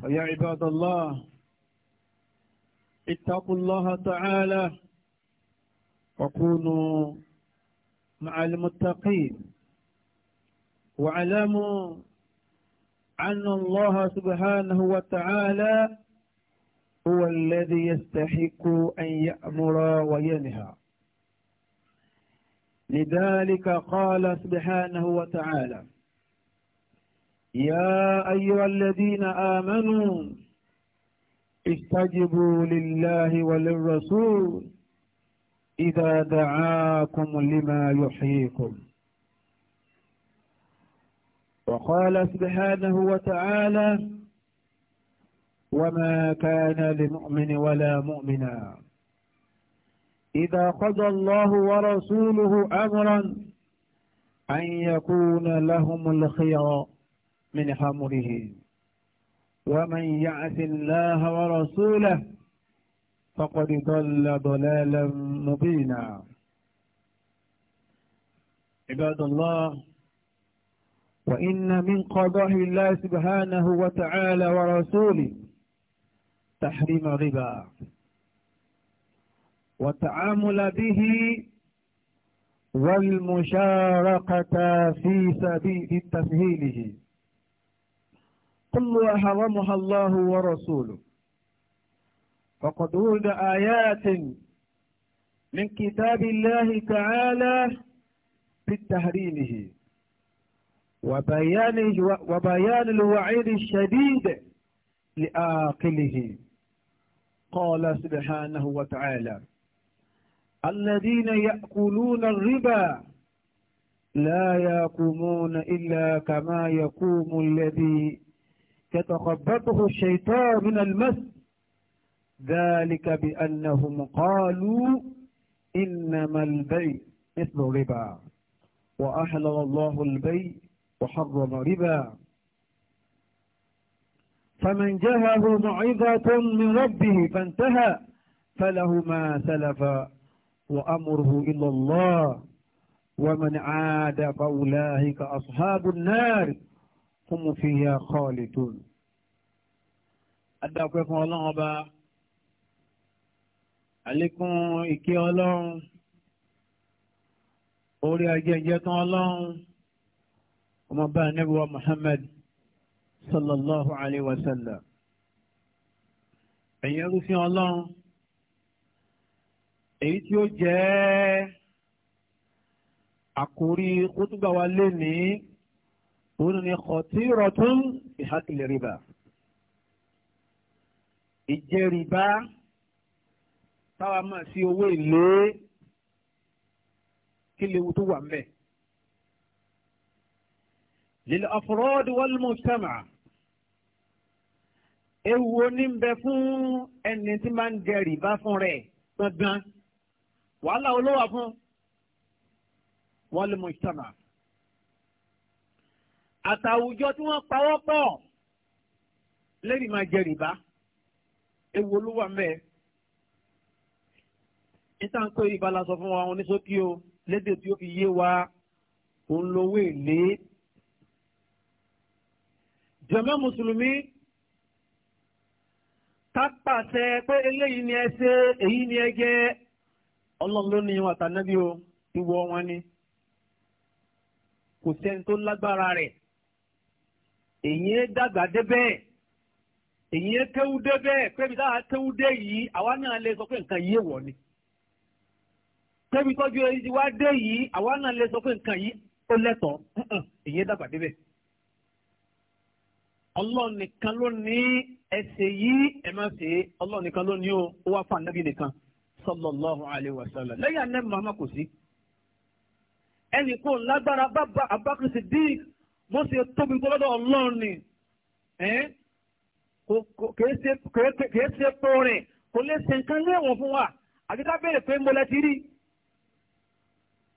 فيا عباد الله اتقوا الله تعالى وكونوا مع المتقين واعلموا أن الله سبحانه وتعالى هو الذي يستحق أن يأمر وينهى لذلك قال سبحانه وتعالى يا أيها الذين آمنوا استجبوا لله وللرسول إذا دعاكم لما يحييكم وقال سبحانه وتعالى وما كان لمؤمن ولا مؤمنا إذا قضى الله ورسوله أمرا أن يكون لهم الخيار من خمره ومن يعث الله ورسوله فقد ضل ضلالا مبينا عباد الله وإن من قضاء الله سبحانه وتعالى ورسوله تحريم الربا والتعامل به والمشاركة في سبيل تسهيله كلها حرمها الله ورسوله فقد ورد آيات من كتاب الله تعالى في تحريمه وبيان وبيان الوعيد الشديد لآقله قال سبحانه وتعالى الذين يأكلون الربا لا يقومون إلا كما يقوم الذي يتخبطه الشيطان من المس ذلك بأنهم قالوا إنما البيع مثل ربا وأحلل الله البيع وحرم ربا فمن جهه معظة من ربه فانتهى فله ما سلف وأمره إلى الله ومن عاد فأولئك أصحاب النار hum fiya khalidun. adápẹ́ fún ọlọ́run ọba àlékún ìkẹ́ ọlọ́run orí ajẹ́jẹ́ tán ọlọ́run ọmọọba anábíwá Muhammad sallallahu alayhi wa sallam ẹ̀yin ẹrúfin ọlọ́run èyí tí ó jẹ́ àkórí kótógbà wa lénìí òun ni khatiratun fi hakli riba ìjẹrìbá táwa máa sí owó èlé kí lewu tó wà mbẹ. lil afrad wal mujtama' ewu onímbẹ fún ẹni tí máa ń jẹrìbá fún rẹ̀ gbọ̀ngàn wàhálà olówó fún wal mujtama' àtàwùjọ tí wọ́n pawọ́ pọ̀ lẹ́yìn máa jẹ rìbá ewu olúwa mẹ́ẹ̀. níta ń pè rìbá la sọ fún wa wọn ní sókí o lédè tí ó fi yé wa òun lówó èlé. jàmá mùsùlùmí ká pé eléyìí ni ẹ ṣe èyí ni ẹ jẹ ọlọ́run ló ní wọn àtànábí o ìwọ wọn ni kò sẹ́ni tó lágbára rẹ̀ èyí é dàgbà débẹ̀ èyí é kéwú débẹ̀ pébi táwa kéwú dé yìí àwa náà lè sọ pé nǹkan ni pébi tọ́jú èyí wá dé yìí àwa náà lè sọ pé nǹkan yìí ó lẹ́tọ̀ọ́ èyí é dàgbà débẹ̀. Allah nìkan ló ní ẹsẹ̀ yìí ẹ má ṣe é nìkan ló ní o sallallahu lẹ́yìn kò sí ẹnì kò lágbára bó ṣe tóbi tó lọ́dọ̀ ọlọ́run ni kìí ṣe pọ̀ rìn kò lè ṣe nǹkan léèwọ̀n fún wa àti ká béèrè pé mo lẹ ti rí.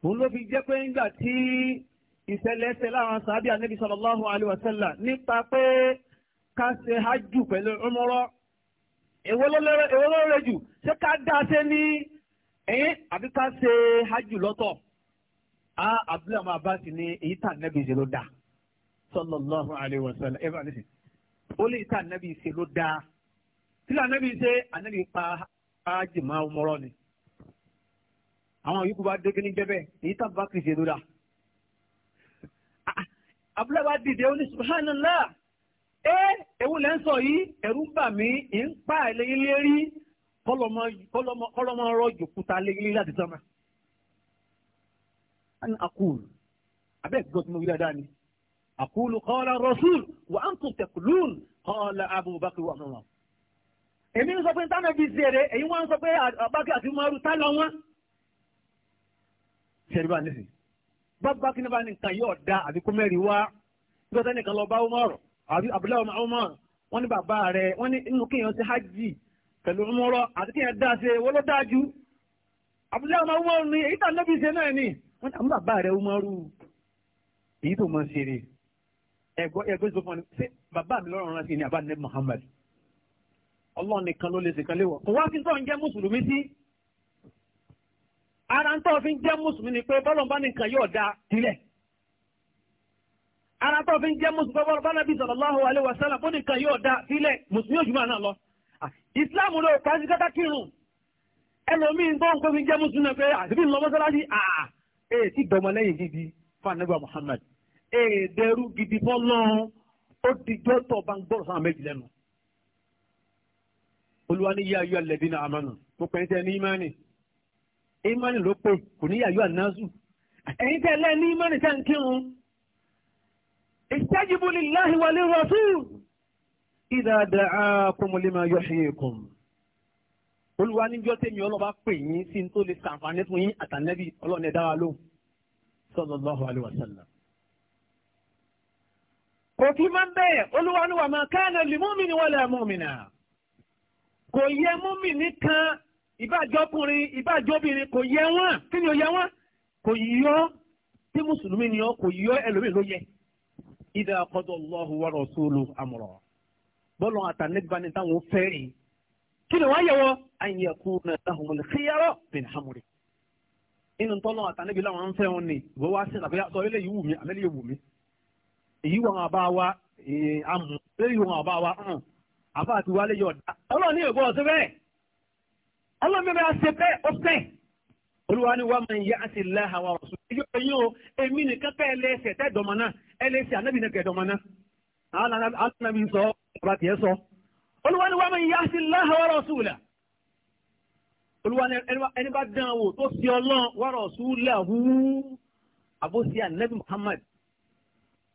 òun ló fi jẹ́ pé nígbà tí ìṣẹ̀lẹ̀ ṣe láwọn sàábì ànábì sallallahu alaihi wasallam nípa pé ká ṣe hájù pẹ̀lú ọmọrọ́ èwo ló rẹ jù ṣé ká dá a ṣe ní ẹ̀yìn àbí ká ṣe hájù lọ́tọ̀. a abdulhamid abasi ni èyí tà nẹ́bí ṣe ló dáa sallallahu alayhi wa sallam ẹ̀fọ́ àdìsí. ó lè ta ànábì ṣe ló dáa tí ànábì ṣe ànábì pa ájìmọ́ ọmọrọ́ ni. àwọn yòókù bá dé kíní jẹ́bẹ̀ èyí tá bá kìí ṣe ló dáa. abúlé wa dìde ó ní subhanallah ẹ ewu lẹ́ ń sọ yìí ẹ̀rú ń bà mí ì ń pa ẹlẹ́yìn lérí kọ́lọ́mọ rọ́jò kúta lẹ́yìn láti sọ́mà. a ní akúl abẹ́ẹ̀ gbọ́ tí mo wí dáadáa ni. أقول قال الرسول وأنتم تقولون قال أبو بكر وعمر èmi ń sọ pé táwọn ẹbí zèrè èyí wọn sọ pé àbákẹ́ àti umaru tá lọ wọn. ṣẹ̀rí nísì bábá kí ni bá yóò da wá nìkan lọ bá umaru rẹ wọn inú kéèyàn ti hajj pẹ̀lú umaru àti kéèyàn dá ju? abdullahi ni èyí náà ni wọn ẹgbọ́ ẹgbẹ́ sọ fún mi ṣé bàbá mi lọ́rùn rántí ni àbá nẹ́bí Muhammad ọlọ́run nìkan ló lè ṣèkan léwọ̀ kò wá sí tó ń jẹ́ mùsùlùmí sí ara ń tọ́ fi ń jẹ́ mùsùlùmí ni pé bọ́lọ̀mbá nìkan yóò da sílẹ̀ ara tó fi ń jẹ́ mùsùlùmí bọ́lọ̀ bá nàbí sallallahu alaihi wasallam bó nìkan yóò da sílẹ̀ mùsùlùmí òjùmọ̀ náà lọ ìsìláàmù ló pàṣẹ kátà kírun ẹlòmíín tó ń kó fi jẹ́ mùsùlùmí pé àti èèdẹrú gidi fọlọ́run ó ti jọ́tọ̀ bá ń gbọ́rọ̀ sáà méjì lẹ́nu. olúwa ní yíyá yíyá lẹ́dínà àmánù mo pẹ́ tẹ́ ní ìmánì ìmánì ló pè kò ní yíyá yíyá násù ẹ̀yin tẹ́ lẹ́ ní ìmánì tẹ́ ń kírun. istajibu lillahi wa lirrasul idha da'akum lima yuhyikum. olúwa níjọ́ tèmi ọlọ́ba pè yín sí ní tó lè sàǹfààní fún yín àtànẹ́bí ọlọ́ọ̀nẹ́dáwà lóhùn sallallahu alaihi wasallam kò kí máa ń bẹ́ẹ̀ olúwaníwà máa káàna lè múmìnì wala múmìnà kò yẹ múmìnì kan ìbájọ́kùnrin ìbájọ́bìnrin kò yẹ wọ́n kí ni ó yẹ wọ́n kò yọ tí mùsùlùmí ni ọ kò yọ ẹlòmíì ló yẹ. ìdá àkọ́dọ̀ Allahu wa rasulu amra bọ́lọ̀ àtàlẹ́gbà ni táwọn ò fẹ́ rìn kí ni wọ́n yẹ wọ́n an yakuna lahumul khiyara min amri inú èyí wọn àbá wa àmù eh, èyí wọn àbá wa hàn àbá àti wálé yọ ọ̀dà ọlọ́run ní ìgbọ́ ọ̀sẹ̀ bẹ́ẹ̀ ọlọ́run bẹ́ẹ̀ bá ṣe bẹ́ẹ̀ ó fẹ́ olúwa ni wàá máa ń yá àti láha ọ̀sùn o èmi nìkan pẹ́ ẹlẹ́sẹ̀ tẹ́ dọ̀mọ́ náà ẹlẹ́sẹ̀ anábì dọ̀mọ́ náà sọ ọba sọ olúwa ni máa ń yá ọ̀sùn olúwa ni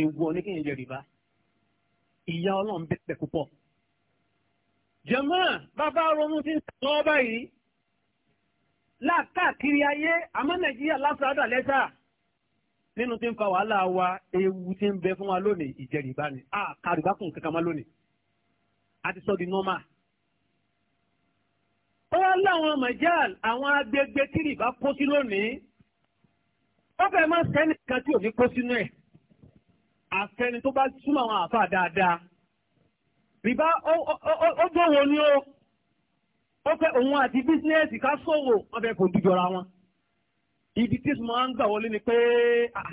èèwọ̀ ní kí n jẹ rìbá ìyá ọlọ́run bẹ́ẹ̀ pẹ̀ púpọ̀. jẹ̀mọ́ bàbá ronú ti ń sọ báyìí láàkàkiri ayé àmọ́ nàìjíríà lásàádà lẹ́sà nínú tí ń fa wàhálà wa ewu tí ń bẹ fún wa lónìí ìjẹrìbá ni a kàrìbá kùn kankan má lónìí a ti sọ di normal. ó wá láwọn majal àwọn agbègbè tí rìbá kó sí lónìí ó fẹ́ máa sẹ́nìkan tí ò ní kó sínú ẹ̀. àfẹni tó bá súnmọ́ àwọn àfa dáadáa rìbá ó ni ó ó fẹ́ òun àti bísínẹ́sì ká sòwò wọ́n fẹ́ kò dùjọra wọn ibi tí mo máa ń gbà wọlé ni pé ah,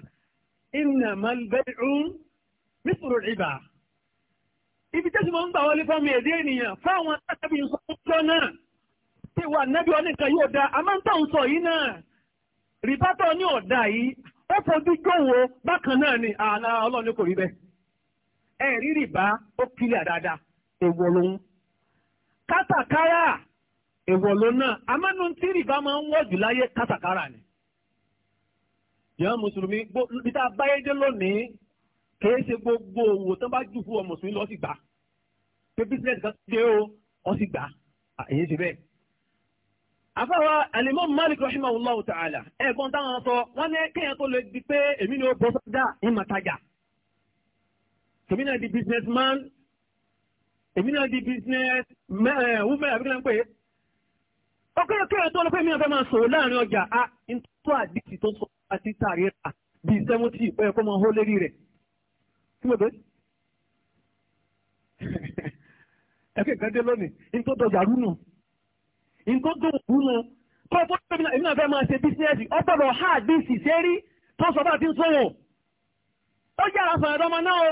innamal bay'u mithlu ibi tí mo ń gbà wọlé fún mi èdè ènìyàn fáwọn anábì ń sọ náà ti wà nábì wọn nìkan yóò ń sọ yìí náà rìbá ní ọ̀dà yìí ó fojú jòwó bákan náà ni àná ọlọ́run ní kò rí bẹ́ẹ̀ ẹ̀rí bá ó kílẹ̀ dáadáa kátàkárà náà amánú tí rìbá máa láyé kátàkárà ni mùsùlùmí a lónìí ṣe gbogbo òwò tó bá jù fún ọ mùsùlùmí lọ sí gbà àfáwà alimọ́mù malik rahimahullahu ta'ala ẹ̀gbọ́n táwọn sọ wọ́n ní kéèyàn tó lè di pé èmi ni ó bọ́ sọ́dá ìmọ̀ tajà èmi náà di business man èmi náà di business woman àbí kílán pé ọkọ̀ kéèyàn tó lè pé mi náà fẹ́ máa sọ̀rọ̀ láàrin ọjà a tó àdìsí tó sọ àti tààrí rà bíi sẹ́mùtì ìpẹ́yẹ kọ́ máa hó lérí rẹ̀ kí ló dé ẹ̀kẹ́ ìgbàdé lónìí ní tó dọjà rú nù. nǹkan tó wù wọn tó ha bí rí tó sọ bá ti ń sọ̀wọ̀ ó sọ̀rọ̀ ọmọ náà o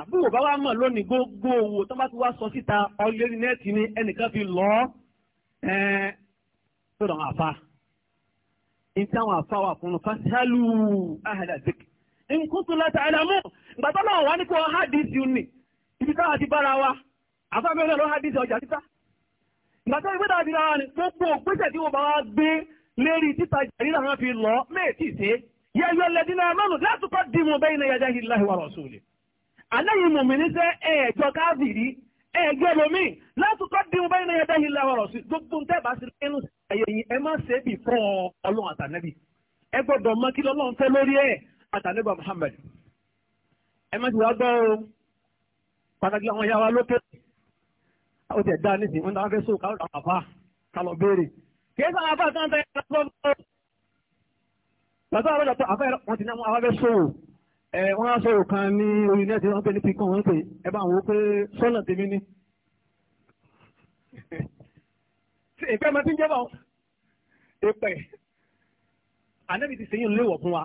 àbúrò bá mọ̀ lónìí gbogbo owó tó bá ti wá sọ síta ọlẹ́rìí nẹ́ẹ̀tì ni ẹnìkan fi lọ ẹ́ tó dàn àfa ní àwọn àfa wà fún un fásitálù nǹkan tó láti àdàmú náà wà ní ni ibi ti bára wa àfa mi ọjà gbàtọ́ ìgbé dàbí ara rẹ̀ gbogbo ògbésẹ̀ tí wọ́n bá wá gbé lérí títa ìjàríra hàn fi lọ méjì sí yẹ yọ lẹ́dí náà mọ́nù látúkọ́ dìmú bẹ́ẹ̀ iná yàjá ìláhi wa rasuli aláyìn mùmìnì sẹ́ ẹ̀ẹ́jọ káàbìrí ẹ̀ẹ́gbẹ́ lomi látúkọ́ dìmú bẹ́ẹ̀ iná yàjá ìláhi wa rasuli gbogbo ń tẹ́bà sí inú ayé yìí ẹ má ṣe bí fún ọlọ́run àtànẹ́bì ẹ pàtàkì àwọn ìyá wa lókè ó tẹ̀ dá nísìnyí wọ́n dáwọ́ fẹ́ sóò káwọn àwọn àfa kálọ̀ béèrè kì í sọ àwọn àfa tó ń tẹ́ ẹ̀rọ tó ń bọ̀. bàtà àwọn ọ̀dọ̀ tó àfa ẹ̀rọ wọn ti ní àwọn àfa fẹ́ sóò ẹ̀ wọ́n á sọ̀rọ̀ kan ní orí nẹ́ẹ̀tì wọn pè ní pikọ́n wọn pè ẹ bá wọn pé sọ́nà tèmi ni. ìpẹ́ máa ti ń jẹ́bọ̀ ìpẹ́ ànábì ti sèyìn léwọ̀ fún wa.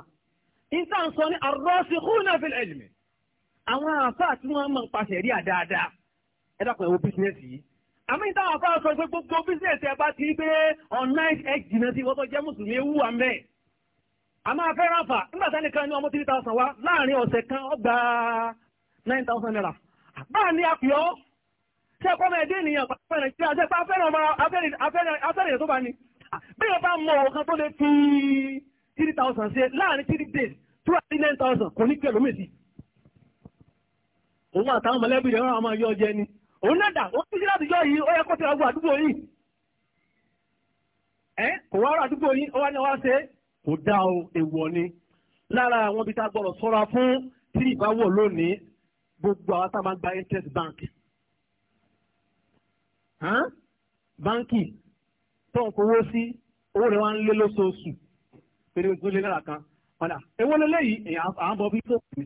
ìta ń sọ ní arrasikhuna fil ilmi àwọn àfa tí wọ́n máa ń pa ẹ dákun ẹ yìí àmì ìtawà fún aṣọ pé gbogbo bísínẹ́sì ẹ bá ti rí pé online ẹ jìnnà sí wọ́tọ̀ jẹ́ mùsùlùmí ewu àmẹ́ àmọ́ afẹ́ ráfà nígbà tẹ́lẹ̀ ní ọmọ three thousand wa láàrin ọ̀sẹ̀ kan ó nine thousand naira báà ní àpìọ́ ṣé òun náà dà ó ti sí láti jọ yìí ó yẹ kó ti ra gbọ́ àdúgbò yìí ẹ kò wá rà àdúgbò yìí ó wá ní wá ṣe kò dá o èèwọ̀ ni lára àwọn ibi tá a gbọ́dọ̀ sọ́ra fún tí ìbáwọ̀ lónìí gbogbo àwọn tá a máa gba interest bank báńkì tó ń fowó sí owó rẹ̀ wá ń lé lóṣooṣù pẹ̀lú ìdúró lé náírà kan padà ewé lélẹ́yìí èèyàn à ń bọ bí tó kù mí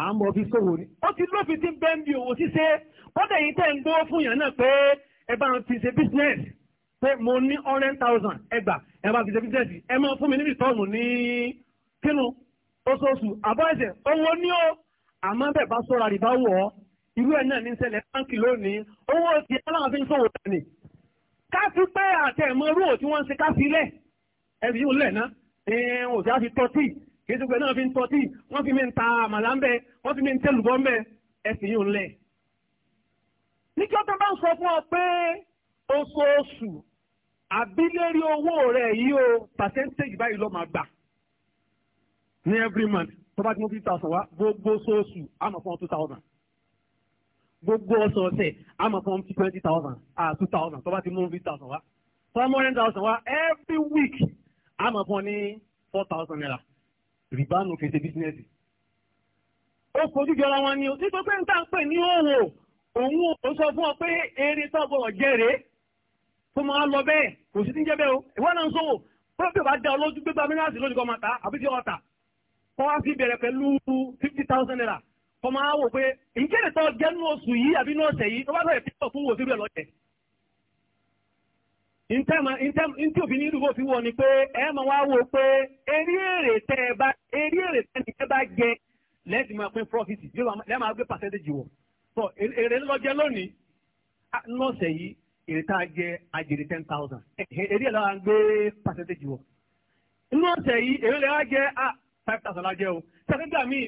à ń mọ fi sówò ni. ó ti lófin tí ń bẹ́ ń bi òwò ṣíṣe kọ́dà yìí tẹ̀ ń gbówó fún yàn náà pé ẹ bá ti ṣe business pé mo ní hundred thousand ẹgbà ẹ bá fi ṣe business ẹ máa fún mi níbi tọ́ọ̀mù ní kínú oṣooṣù àbọ̀ ẹ̀sẹ̀ owó ní o àmọ́ bẹ́ẹ̀ bá sọ̀rọ̀ àdìbá wọ̀ ọ́ irú ẹ̀ náà ní ṣẹlẹ̀ báńkì lónìí owó ti aláwọ̀ fi ń sòwò rẹ̀ ni. ká fi pé àtẹ̀mọ́ rúwò tí wọ́n ń ṣe ká fi lẹ̀ ẹ̀ fi yóò lẹ̀ ná ẹ̀ ò á fi tọ́tì kéjúgbẹ́ náà fi ń tọ́tí wọ́n fi mi ń ta àmàlà ń bẹ wọ́n fi mi ń tẹ́lùbọ́ ń bẹ ẹ̀sìn yìí ń lẹ̀. níjọ́ tó bá ń sọ fún ọ pé oṣooṣù àbílérí owó rẹ̀ yìí o percentage báyìí ló máa gbà ní every month tó bá ti mú fifty thousand wá gbogbo oṣooṣù àmọ̀ fún two thousand gbogbo ọ̀sọ̀ọ̀sẹ̀ àmọ̀ fún twenty thousand two thousand tó bá ti mú fifty thousand wá four hundred thousand wá every week àmọ̀ fún ní four thousand naira rìbánu kìí ṣe bísínẹ́sì. ó fojú jọra wọn ni nítorí pé nǹkan pè ní òwò òun ò sọ fún ọ pé eré tọ́gbọ̀ ọ̀jẹ̀rẹ̀ tó máa lọ bẹ́ẹ̀ kò sí ti ń jẹ́ bẹ́ẹ̀ o ìwọ náà ń sọ̀wọ̀ pé bí o bá dá olójú gbégbá mínásì lójú kan máa ta àbí ti ọ̀tà kọ́ wá sí bẹ̀rẹ̀ pẹ̀lú fifty thousand naira kọ́ máa wò pé ìjẹ́rìí tọ́ jẹ́ nínú oṣù yìí àbí nínú ọ̀sẹ̀ yìí tó bá sọ̀rọ̀ ìpínlẹ̀ fún wò sí rẹ̀ lọ́jẹ̀ ntí òbí ní ìdúgbò fi wọ ni pé ẹ máa wá wò pé eré èrè tẹ ẹ bá eré èrè tẹ ẹ bá jẹ lẹ́ẹ̀dì máa pín profit lẹ́ẹ̀ máa gbé percentage wọ̀ so èrè lọ́jẹ́ lónìí lọ́sẹ̀ yìí èrè tá a jẹ àjèrè ten thousand èrè ẹ̀ lọ́wọ́ gbé percentage wọ̀ lọ́sẹ̀ yìí èrè lọ́wọ́ jẹ́ five thousand la jẹ́ o sẹ́kẹ́ndà mi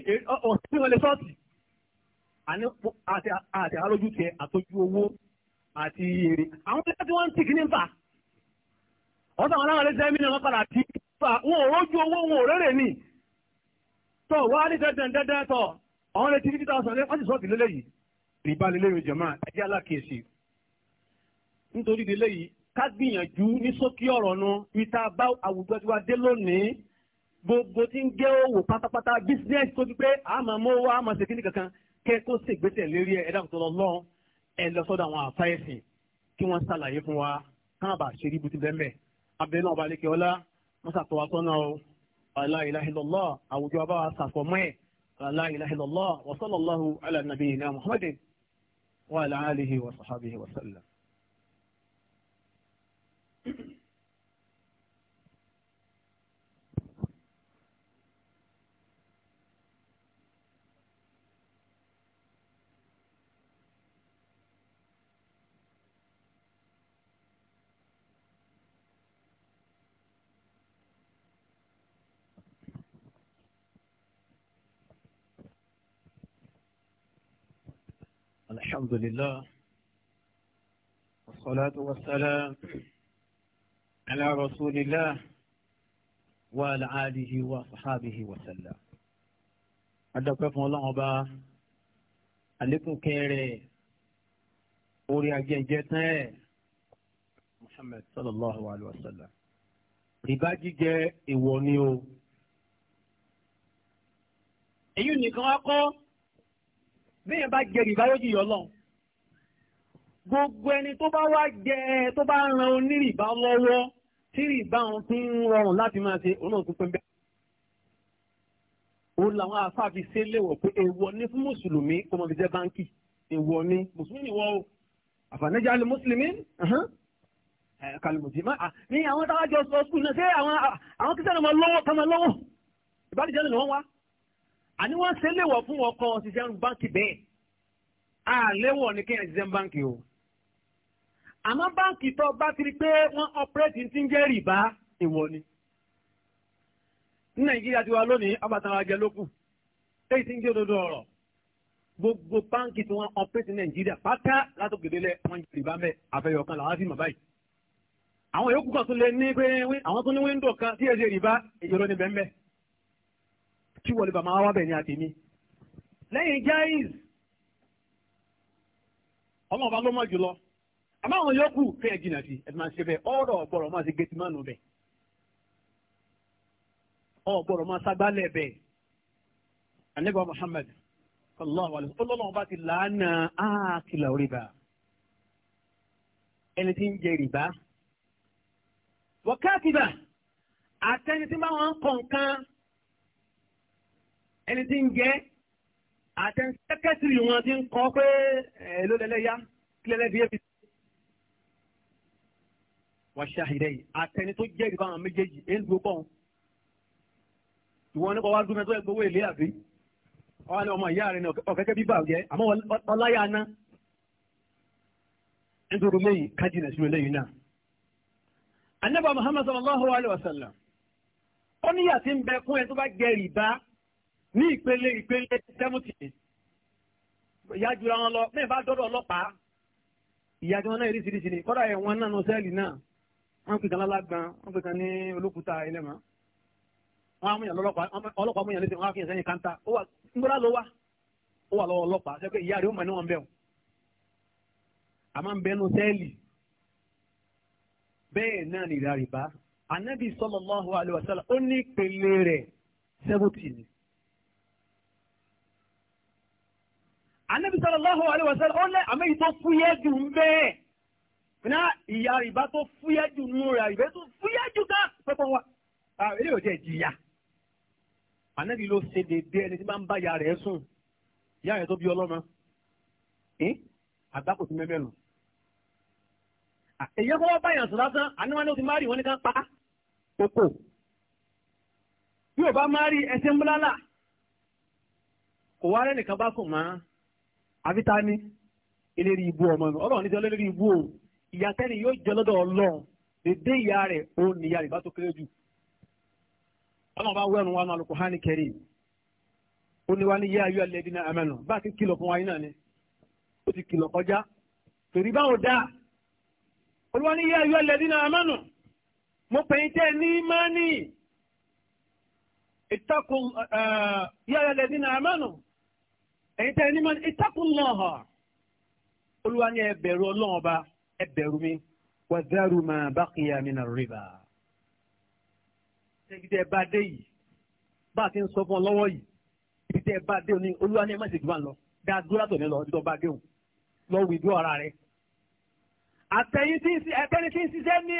ọ̀sìn wọlé sọ́ọ̀tì àti àlójú tẹ àtọ́jú owó àti èrè àwọn ẹgbẹ́ wọ́n sọ àwọn aláwọ̀lẹ́ sẹ́mi ni wọ́n padà tí wọn ò rójú owó wọn ò rẹ́rẹ̀ ní tọ́ wá ní dandan dandan tọ́ àwọn lè ti fifty thousand lé wọ́n sì sọ́ọ̀tì lélẹ́yìí rìbá lélẹ́yìn jẹ̀mọ́ ẹ̀jẹ̀ alákèésì nítorí lélẹ́yìí ká gbìyànjú ní ṣókí ọ̀rọ̀ nu ìta bá àwùjọ tiwa dé lónìí gbogbo tí ń gé owó pátápátá bísíǹsì tó ti pé àmọ́ mọ́ owó àmọ́ ṣe kíní kankan kẹ́ kó ṣègbésẹ̀ lérí ẹ̀ ẹ̀dá tó lọ lọ́n ẹ̀ lọ sọ́dọ̀ àwọn àfáyẹ̀sìn kí wọ́n ṣàlàyé fún wa káàbà ṣe rí ibùdó bẹ́ẹ̀ abẹ́rẹ́ náà balẹ̀kẹ́ ọlá wọ́n ṣàtọ̀wá sọ́nà o la ilaha illallah àwùjọ bá wa ṣàfọ̀mọ́ ẹ̀ la ilaha illallah wa sallallahu ala wa ala alihi wa sahbihi wa sallam. الحمد لله والصلاة والسلام على رسول الله وعلى آله وصحابه وسلم adọ́pẹ́ fún ọlọ́run ọba àlékún kẹrẹ orí agẹ́jẹ tán ẹ̀ Muhammad sallallahu alayhi wa sallam rìbá jíjẹ èèwọ̀ ni o èyí nìkan wá kọ́ bẹ́ẹ̀ bá jẹ rìbá yóò jìyà ọlọ́run gbogbo ẹni tó bá wá jẹ tó bá ran onírìbá lọ́wọ́ tí rìbá òun ti ń rọrùn láti máa ṣe òun náà tún pé bẹ́ẹ̀. ó làwọn afáàfi ṣe léwọ̀ pé èèwọ̀ ni fún mùsùlùmí kó mọ̀ fi jẹ́ báńkì èèwọ̀ ni mùsùlùmí nìwọ o àfànẹ́jà lè mùsùlùmí kàlùmùsì má ní àwọn táwájọ sọ skul náà ṣé àwọn kìsẹ́ àní wọ́n ṣe léwọ̀ fún ọkọ ṣiṣẹ́ báńkì bẹ́ẹ̀ a léwọ̀ ní kéèyàn ṣiṣẹ́ báńkì o àmọ́ báńkì tó bá ti rí pé wọ́n ọ̀pẹ́rẹ́tì ti ń jẹ́ rìbá ìwọ ni ní nàìjíríà ti wá lónìí abàtàn àjẹ lókù èyí ti ń jẹ́ òdodo ọ̀rọ̀ gbogbo báńkì tí wọ́n ọ̀pẹ́rẹ́tì nàìjíríà pátá látòkèdélẹ̀ wọ́n ń jẹ́ rìbá mẹ́ àfẹyọ̀kan làwọn fi mọ̀ báyìí àwọn yòókù kan tún lè ní pé àwọn tún ní wíńdò kan tí ẹ kí wọlé bàmá wá bẹ̀ ní àtẹ̀mí lẹ́yìn jaiz ọmọ ọba ló mọ̀ jùlọ àmọ́ àwọn yòókù fẹ́ẹ̀ jìnnà sí ẹ̀ máa ṣe bẹ́ẹ̀ ọ̀rọ̀ ọ̀gbọ̀rọ̀ máa ṣe gẹ́tì mánu bẹ́ẹ̀ ọ̀gbọ̀rọ̀ máa ṣàgbálẹ̀ bẹ́ẹ̀ anẹ́gbà Muhammad sallallahu alayhi wa sallam ọlọ́run bá ti làánà áàkìlà rìbá ẹni tí ń jẹ rìbá wọ́n káàkiri àtẹni tí máa ẹni tí ń jẹ́ àtẹ sẹ́kẹ́tìrì wọn ti ń kọ́ pé ẹ̀ ló lẹ́lẹ́yà kílẹ̀lẹ́ bí ebi. wà á ṣe àhìrẹ́ yìí àtẹni tó jẹ́ ìdìbò àwọn méjèèjì ẹ̀ ń dúró pọ̀ wọn. ìwọ nípa wá dúró mẹ́tọ́ ẹgbẹ́ owó èlé àbí ọ̀hán ni ọmọ ìyá rẹ̀ ní ọ̀kẹ́kẹ́ bíbà jẹ́ àmọ́ ọláyà ná. nítorí lẹ́yìn kájínà sí lẹ́yìn náà. anábà Muhammad sallallahu alayhi wa sallam ó níyà tí ń bẹ fún ẹ tó bá jẹ rìbá ní ìpele ìpele sẹ́mùtì wọn lọ mẹ́fà dọ́dọ̀ ọlọ́pàá ìyá náà irisirisi ni kọ́dà náà nù sẹ́ẹ̀lì náà wọ́n pè kan lálágbọ́n wọ́n pè kan ní olókùúta ẹlẹ́mọ̀ wọ́n á yẹn ó wà ńgbọ́dá ló ó wà lọ́wọ́ sẹ́kẹ́ ìyá rẹ̀ ó mọ̀ bẹ́ẹ̀ ń sẹ́ẹ̀lì bẹ́ẹ̀ náà Ànábì sallallahu alaihi wasallam ó lé àmẹ́yìn tó fúyẹ́ jù ń bẹ́ẹ̀. Iná ìyá rìbá tó fúyẹ́ jù nù rẹ̀ rìbá tó fúyẹ́ jù ká pẹ́pọ̀ wa. Ilé ò jẹ́ ìjìyà. Ànábì ló ṣe dédé ẹni tí máa ń bá ìyá rẹ̀ sùn. Ìyá rẹ̀ tó bí ọlọ́mọ. Àgbá kò sí mẹ́mẹ́rù. Èyí fọwọ́ báyàn sọ lásán, àní wọn ni ó ti máa rí wọn ní ká pa kókò. Bí ò bá máa rí ẹsẹ̀ ńlá là, kò wá àfi eleri ni ọmọ mi ọlọ́run níjọ́ eléri ibu o ìyá tẹ́ni yóò jẹ lọ́dọ̀ ọlọ́run dédé ìyá rẹ̀ ó ní ìyá bá tó kéré jù bá wa nù Al-Qur'ani Karim ó ní wá ní yá ayé alladina amanu bá ti fún wa yín náà ni ó ti kìlọ̀ kọjá torí olúwa ní ayé mo pẹ̀yìn ní ẹ̀yin tẹ́ máa ìtàkùn náà hàn olúwa ní ọba mi wà dárú máa bá kìyà mi nà rìbà. ibi ẹ bá dé yìí a ibi ẹ bá dé olúwa ní ẹ má ṣe lọ dáa dúró látọ̀ ní lọ tó bá dé lọ wí dúró ara rẹ. àtẹ̀yìn tí ń ṣiṣẹ́ ní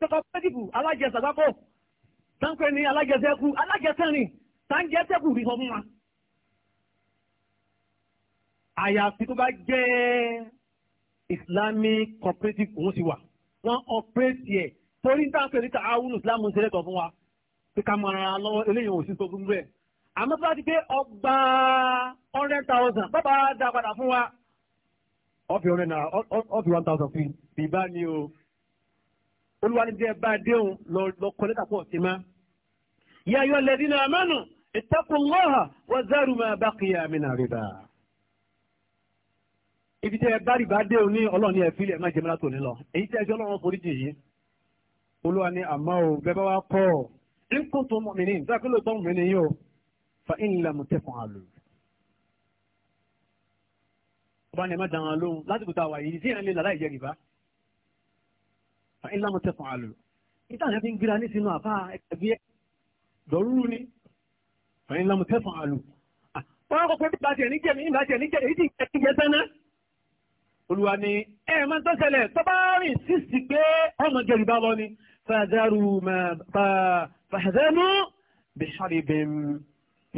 pẹ́ẹ́dìbù alájẹsàgbákò àyàfi tó bá jẹ́ islamic cooperative òun ti wà wọ́n operate yẹ torí ní táwọn pèlú tààwùn islam ń ṣẹlẹ̀ tọ̀ fún wa pé ká mọ ara lọ́wọ́ eléyìí ò sí sọ fún bẹ́ẹ̀ àmọ́ bá ti pé ọgbà hundred thousand bàbá dá padà fún wa ọ̀fì hundred naira ọ̀fì one thousand fi bìbá ni o olùwàlídìí ẹ bá a déhùn lọ kọ́ lẹ́tà pọ̀ sí ma yẹ ayọ̀ lẹ́dínà àmọ́nù ittaqullaha wa zaru ma baqiya min riba ibi tẹ́ ẹ bá rìbá dé òní ọlọ́ọ̀ni ẹ̀ fílẹ̀ má jẹmọ́lá tòní lọ èyí tẹ́ ẹ jọ́ lọ́wọ́ foríjì yìí olúwa ni àmọ́ o bẹ́ẹ̀ bá wá kọ́ ọ in kuntum mu'minin nígbà pé lóòótọ́ mọ̀mí ni yín o fa in lam taf'alu. ọba ni ẹ má dáhùn lóhùn láti kúta wà yìí sí ìrìnlẹ̀ láì jẹ rìbá fa in lam taf'alu. ìtàn ẹ̀ fi ń gbéra ní sinú àfa ẹgbẹ́ dọ̀rúrú ni olúwa ni ẹ máa ń tó ṣẹlẹ̀ tó bá rìn sísì pé ọmọ jẹ̀rù bá lọ ni fàdárù fàdánù bìṣàrìbẹ̀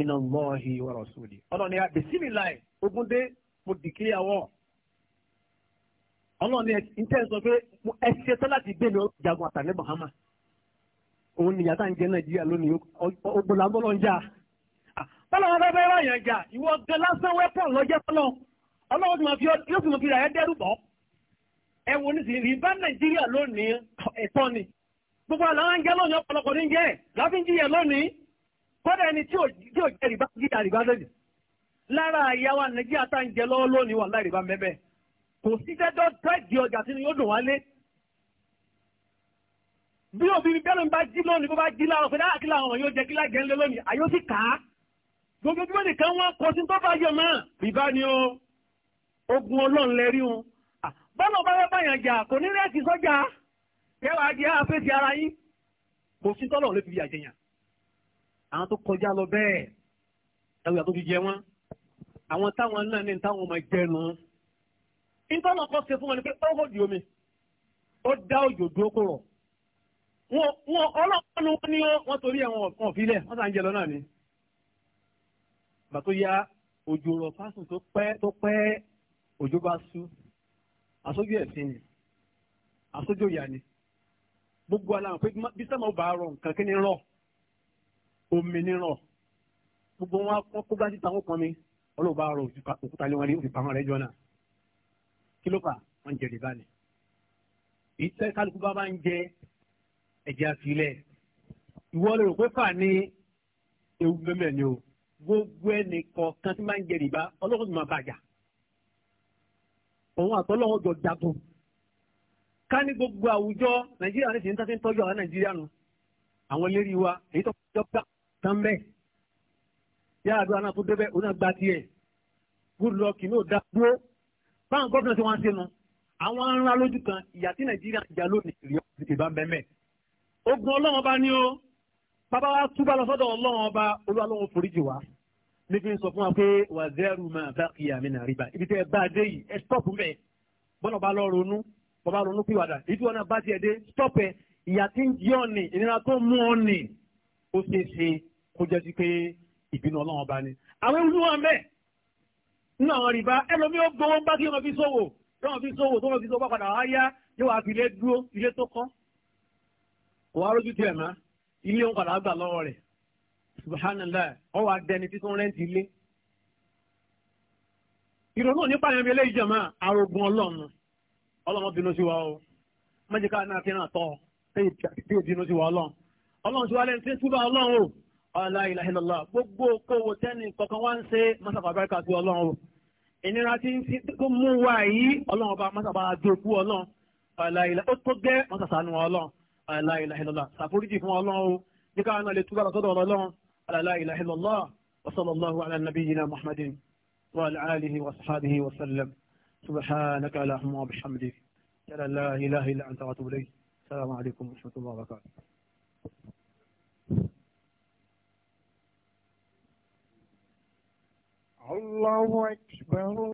iná lọ́ọ̀hì wọ̀rọ̀ sódì ọlọ́ni bisimilayi ogun dé mo dìkìlì àwọ̀ ọlọ́ni ntẹ́ sọ pé ẹ ṣe tán láti gbé mi jagun àtàlẹ́ Muhammad òun nìyà tá ń jẹ Nàìjíríà lónìí ogun làbọ́ lọ́njà bọ́lá wọn fẹ́ fẹ́ wáyàn jà ìwọ gan lásán wẹ́pọ̀ lọ́jẹ́ fọlọ́ ọlọ́wọ́ tí mo fi yóò fi mo fi rà ẹ́ dẹ́rù bọ́ ẹ wo ní sìn rìbá nàìjíríà lónìí ẹ̀tọ́ ni gbogbo àlọ́ ń jẹ́ lónìí ọ̀pọ̀lọpọ̀ ní jẹ́ láfi ń jìyà lónìí kódà ẹni tí ò jẹ́ rìbá jìyà rìbá lónìí lára àyàwó nàìjíríà tá à ń jẹ lọ́wọ́ lónìí wà láì rìbá mẹ́bẹ́ kò sí dẹ́dọ́ tẹ́ẹ̀dì ọjà sínú yóò dùn wálé bí òbí mi bẹ́ẹ̀ ló ń bá jí lónìí bó bá jí láàrọ̀ fún dáhà ah, kí làwọn yóò jẹ kí lájẹ ńlẹ lónìí àyó sì kà á gbogbo bí wọ́n nìkan wọ́n kọ sí tó bá yọ mọ́ rìbá ni ó ogun ọlọ́run lẹ́rí wọn bọ́lá bá fẹ́ báyàn jà kò ní rẹ́ẹ̀kì sọ́jà kẹwàá àfẹ́sí ara yín kò sí tọ́lọ̀ ló àjẹyàn àwọn tó kọjá lọ bẹ́ẹ̀ ẹ̀wùyà tó fi jẹ wọn àwọn táwọn náà ní táwọn ọmọ jẹnu ìtọ́lọ̀ kọ́ ṣe fún wọn ni pé ó omi ó dá òjò dúró kó rọ̀ wọn ni wọ́n torí ẹ̀wọ̀n ọ̀fìlẹ̀ sàn lọ náà ni ya òjò rọ̀ òjò bá sú aṣojú ẹ̀sìn ni aṣojú ìyá ni gbogbo aláwọ̀ pé bí sẹ́mà ó bá rọ nǹkan kí ni rọ omi ni rọ gbogbo wọn kọ́ kó bá ti ta wọn pọn mi ọlọ́wọ́ bá rọ òkúta lé wọn ní òfin pamọ́ rẹ jọ náà kí ló fà wọn jẹ rìbá ni ìtẹ́ kálukú bá bá ń jẹ ẹ̀jẹ̀ àfilẹ̀ ìwọ lè rò pé fà ní ewu mẹ́mẹ́ ni o gbogbo ẹnì kọ̀ọ̀kan tí máa ń jẹ rìbá ọlọ́wọ́ ti máa bàjá òun àtọ́lọ́wọ́ jọ jagun ká ní gbogbo àwùjọ nàìjíríà ní ti ń tán ti ń tọ́jú àwọn nàìjíríà nù àwọn eléré wa èyí tó kọjọ gbà tán bẹ́ẹ̀ yàrá àdúrà náà tó débẹ̀ òun náà gba tiẹ̀ good luck ní òdà dúró báwọn gọ́ọ̀nà tí wọ́n ń sẹ́nu àwọn ará lójú kan ìyá tí nàìjíríà jà lónìí rí ọ̀sìnkè bá ń bẹ́ mẹ́ ogun ọlọ́wọ́n bá ní o bàbá wa túbà lọ sọ́dọ̀ ọlọ́wọ́n ọba olúwa lọ́wọ́ foríjì wa nífi sọ fún wa pé wà zẹ́rù máa bá ìyá mi nà rí bá ibi tẹ́ ẹ bá dé yìí ẹ stọ́ọ̀pù mẹ́ẹ̀ bọ́lá bá lọ ronú bọ́lá ronú pìwàdà ìdí wọn náà bá tiẹ̀ dé stọ́ọ̀pù ẹ ìyá tí ń jí ọ̀nì ìnira tó mú ọ̀nì ó ṣeé ṣe kó jẹ́ sí pé ìbínú ọlọ́run ọba ni. àwọn ewu wà mẹ́ẹ̀ nínú àwọn rìbá ẹlòmíì ó gbowó ń bá kí wọn fi sòwò tí wọn fi sòwò tí wọn fi sòwò padà wá yóò subhanallah ọ wà dẹni títún rẹ́ǹtì ilé. ìrònú nípa àwọn ẹbí eléyìí jẹ̀mọ́ arógun ọlọ́run ọlọ́run bínú sí wa o mẹ́jìká náà kí náà tọ́ tí ò bínú sí wa ọlọ́run ọlọ́run sí wa lẹ́nu tí ń túbọ̀ ọlọ́run o ọ̀la ìlàhìlọ́lá gbogbo kówó tẹ́ni kankan wá ń ṣe mọ́sàfà bẹ́ẹ̀ kà sí ọlọ́run o ìnira tí tó mú wa yìí ọlọ́run ọba mọ́sàfà àjòkú ọlọ́run ọ̀la ìlà ó tó gẹ́ mọ́sàsánú ọlọ́run ọ̀la ìlàhìlọ́lá ṣàforíjì fún ọlọ́run o níkà náà lè túbọ̀ lọ́sọ́dọ̀ ọlọ́run على لا إله إلا الله وصلى الله على نبينا محمد وعلى آله وأصحابه وسلم سبحانك اللهم وبحمدك لا إله إلا أنت وأتوب إليك السلام عليكم ورحمة الله وبركاته الله أكبر